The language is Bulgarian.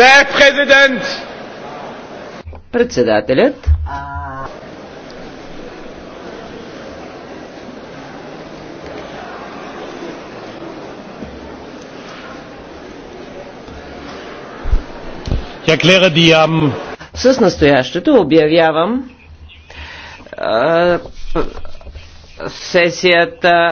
Der Präsident! Председателят. С настоящето обявявам а, сесията